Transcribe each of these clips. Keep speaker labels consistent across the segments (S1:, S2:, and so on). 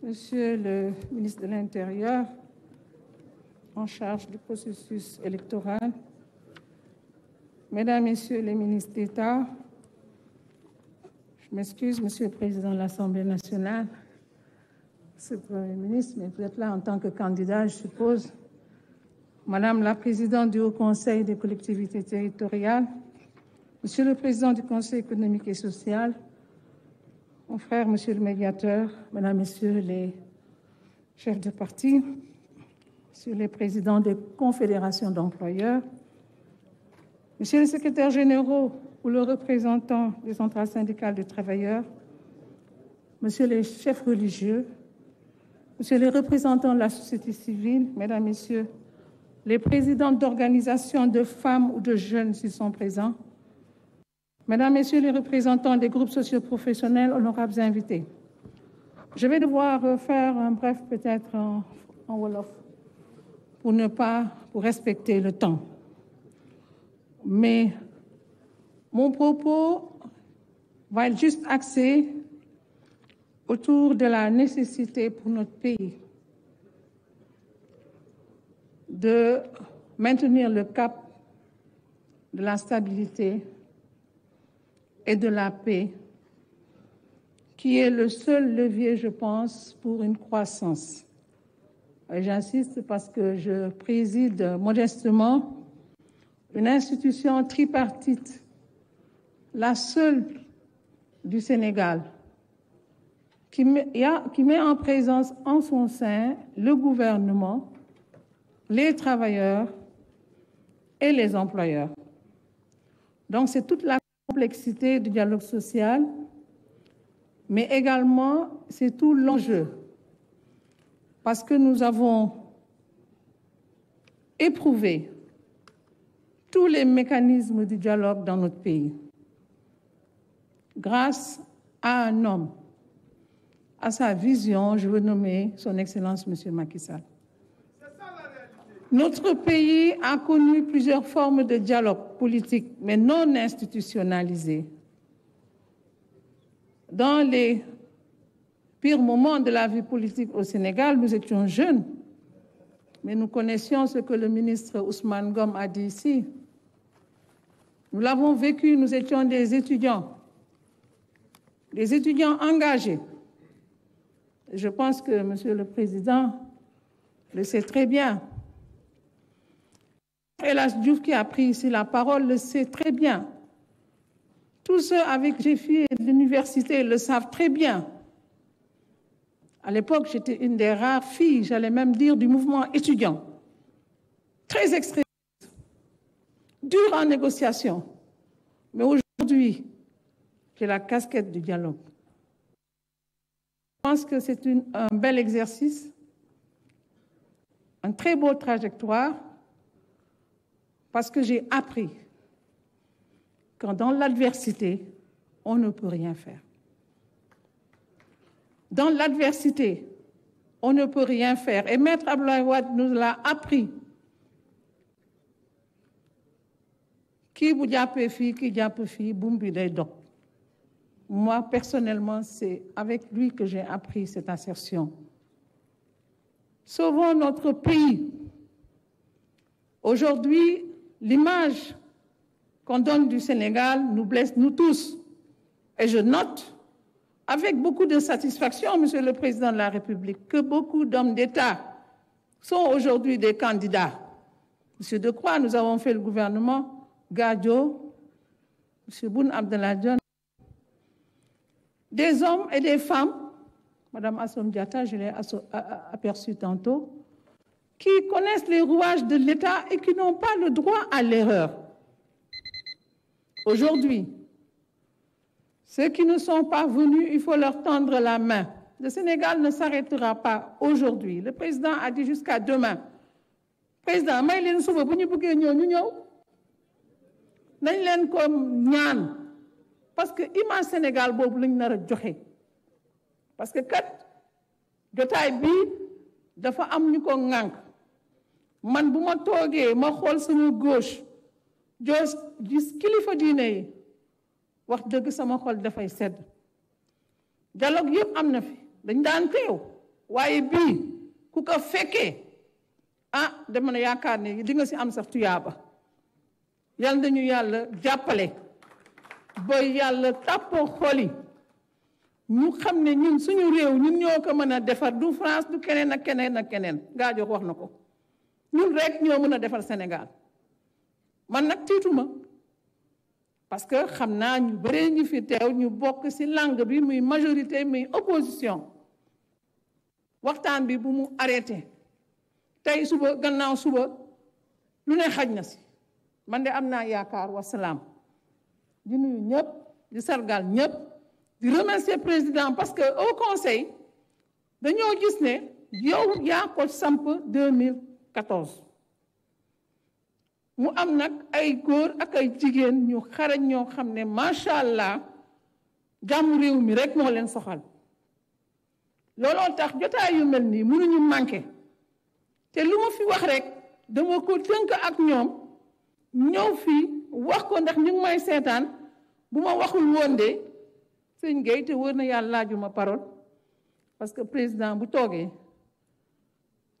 S1: Monsieur le ministre de l'Intérieur, en charge du processus électoral, Mesdames, Messieurs les ministres d'État, je m'excuse, Monsieur le Président de l'Assemblée nationale, Monsieur le Premier ministre, mais vous êtes là en tant que candidat, je suppose. Madame la Présidente du Haut Conseil des collectivités territoriales, Monsieur le Président du Conseil économique et social, mon frère, monsieur le médiateur, mesdames, messieurs les chefs de parti, monsieur les présidents des confédérations d'employeurs, monsieur le secrétaire général ou le représentant des centrales syndicales des travailleurs, monsieur les chefs religieux, monsieur les représentants de la société civile, mesdames, messieurs les présidents d'organisations de femmes ou de jeunes s'ils sont présents, Mesdames, Messieurs les représentants des groupes socioprofessionnels, honorables invités, je vais devoir euh, faire un bref peut-être en, en Wolof pour ne pas, pour respecter le temps. Mais mon propos va être juste axé autour de la nécessité pour notre pays de maintenir le cap de la stabilité et de la paix, qui est le seul levier, je pense, pour une croissance. J'insiste parce que je préside modestement une institution tripartite, la seule du Sénégal, qui met, en présence en son sein le gouvernement, les travailleurs et les employeurs. Donc c'est toute la complexité du dialogue social, mais également c'est tout l'enjeu. Parce que nous avons éprouvé tous les mécanismes du dialogue dans notre pays grâce à un homme, à sa vision, je veux nommer son Excellence M. Macky Sall. Notre pays a connu plusieurs formes de dialogue politique, mais non institutionnalisé. Dans les pires moments de la vie politique au Sénégal, nous étions jeunes, mais nous connaissions ce que le ministre Ousmane Gom a dit ici. Nous l'avons vécu, nous étions des étudiants, des étudiants engagés. Je pense que Monsieur le Président le sait très bien. Et la Diouf qui a pris ici la parole le sait très bien. Tous ceux avec qui j'ai fait l'université le savent très bien. À l'époque, j'étais une des rares filles, j'allais même dire, du mouvement étudiant. Très extrême, dure en négociation. Mais aujourd'hui, j'ai la casquette du dialogue. Je pense que c'est un bel exercice, un très beau trajectoire parce que j'ai appris quand dans l'adversité, on ne peut rien faire. Dans l'adversité, on ne peut rien faire. Et Maître Abdelawad nous l'a appris. Qui fi, qui fi, Moi, personnellement, c'est avec lui que j'ai appris cette assertion. Sauvons notre pays. Aujourd'hui, L'image qu'on donne du Sénégal nous blesse, nous tous. Et je note avec beaucoup de satisfaction, Monsieur le Président de la République, que beaucoup d'hommes d'État sont aujourd'hui des candidats. Monsieur De Croix, nous avons fait le gouvernement, Gadjo, Monsieur Boun Abdeladjon, des hommes et des femmes, Madame Assom Diata, je l'ai aperçue tantôt, qui connaissent les rouages de l'État et qui n'ont pas le droit à l'erreur. Aujourd'hui, ceux qui ne sont pas venus, il faut leur tendre la main. Le Sénégal ne s'arrêtera pas aujourd'hui. Le président a dit jusqu'à demain. Président, may leen suba bu ñu bëggee parce que le Sénégal parce que quand jotaay bi dafa am ñuko man bu ma toogee ma xool sama gauche joos gis kilifa diine yi wax dëgg sama xol dafay sedd jaloog yépp am na fi dañ daan teew waaye bii ku ko fekkee ah dama ne yaakaar ne dinga nga si am sax tuyaaba yal nañu yàlla jàppale ba yàlla tàppoo xol yi ñu xam ne ñun suñu réew ñun ñoo ko mën a defar du France du keneen ak keneen ak keneen ngaa jox wax na ko Nous rek ñoo mën Sénégal man nag parce que xam ñu bëree ñu fi teew ñu langue majorité muy opposition waxtaan bi bu mu arrêté tey suba gannaaw suba lu ne man de di nuyu ñëpp di ñëpp di remercier président parce que au conseil dañoo gis ne yow yaa ko samp 2000 quatorze mu am nag ay góor ak ay jigéen ñu xarañ ñoo xam ne macha allah jàmm réew mi rek moo leen soxal looloo tax jotaay yu mel nii mënuñu manqué te lu ma fi wax rek dama ko tënk ak ñoom ñëw fii wax ko ndax ñu may seetaan bu ma waxul woon de sëñ Gueye te wër na yàlla laaju ma parole parce que président bu toogee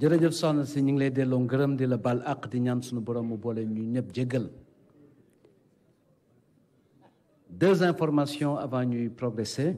S1: jërëjëf soxna si ñu ngi lay delloo ngërëm di la baal àq di ñaan sunu borom mu boole ñu ñëpp jéggal deux informations avant ñuy progresser